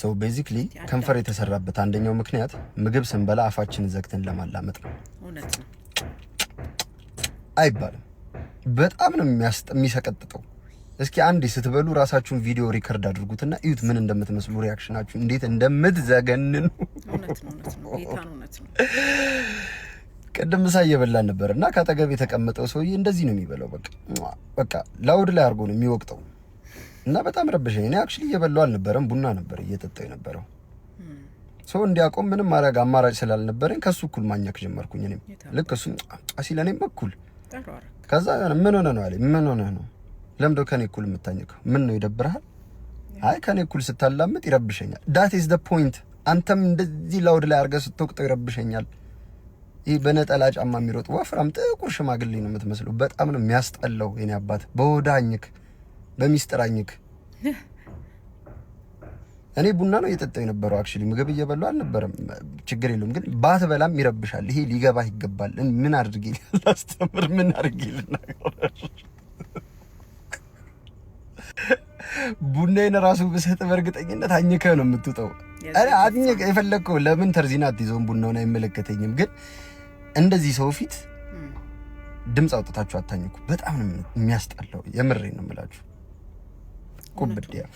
ሰው ቤዚክሊ ከንፈር የተሰራበት አንደኛው ምክንያት ምግብ ስንበላ አፋችንን ዘግተን ለማላመጥ ነው። አይባልም። በጣም ነው የሚሰቀጥጠው። እስኪ አንዴ ስትበሉ ራሳችሁን ቪዲዮ ሪከርድ አድርጉትና እዩት፣ ምን እንደምትመስሉ ሪያክሽናችሁ እንዴት እንደምትዘገንኑ። ቅድም ምሳ እየበላን ነበር እና ከአጠገብ የተቀመጠው ሰውዬ እንደዚህ ነው የሚበላው። በቃ በቃ ላውድ ላይ አድርጎ ነው የሚወቅጠው እና በጣም ረብሸኝ። እኔ አክቹሊ እየበላሁ አልነበረም፣ ቡና ነበር እየጠጣሁ የነበረው። ሰው እንዲያቆም ምንም ማድረግ አማራጭ ስላልነበረኝ ከሱ እኩል ማኘክ ጀመርኩኝ። እኔም ልክ እሱ ሲል እኔም እኩል። ከዛ ምን ሆነ ነው ምን ሆነ ነው ለምዶ ከኔ እኩል የምታኘከው? ምን ነው ይደብርሃል? አይ ከኔ እኩል ስታላምጥ ይረብሸኛል። ዳት ኢዝ ዘ ፖይንት። አንተም እንደዚህ ላውድ ላይ አድርገህ ስትወቅጠው ይረብሸኛል። ይህ በነጠላ ጫማ የሚሮጥ ወፍራም ጥቁር ሽማግሌ ነው የምትመስለው። በጣም ነው የሚያስጠላው። የኔ አባት በወዳኝክ በሚስጥር አኝክ። እኔ ቡና ነው እየጠጣሁ የነበረው። አክቹሊ ምግብ እየበላሁ አልነበረም። ችግር የለውም ግን ባት በላም ይረብሻል። ይሄ ሊገባህ ይገባል። ምን አድርጌ ላስተምር? ምን አድርጌ ልናገር? ቡናዬን ራሱ ብሰጥ በእርግጠኝነት አኝከ ነው የምትውጠው። አኝክ የፈለግከው ለምን ተርዚና አትይዘውም? ቡናውን አይመለከተኝም። ግን እንደዚህ ሰው ፊት ድምፅ አውጥታችሁ አታኝኩ። በጣም ነው የሚያስጠላው። የምሬን ነው የምላችሁ። combater.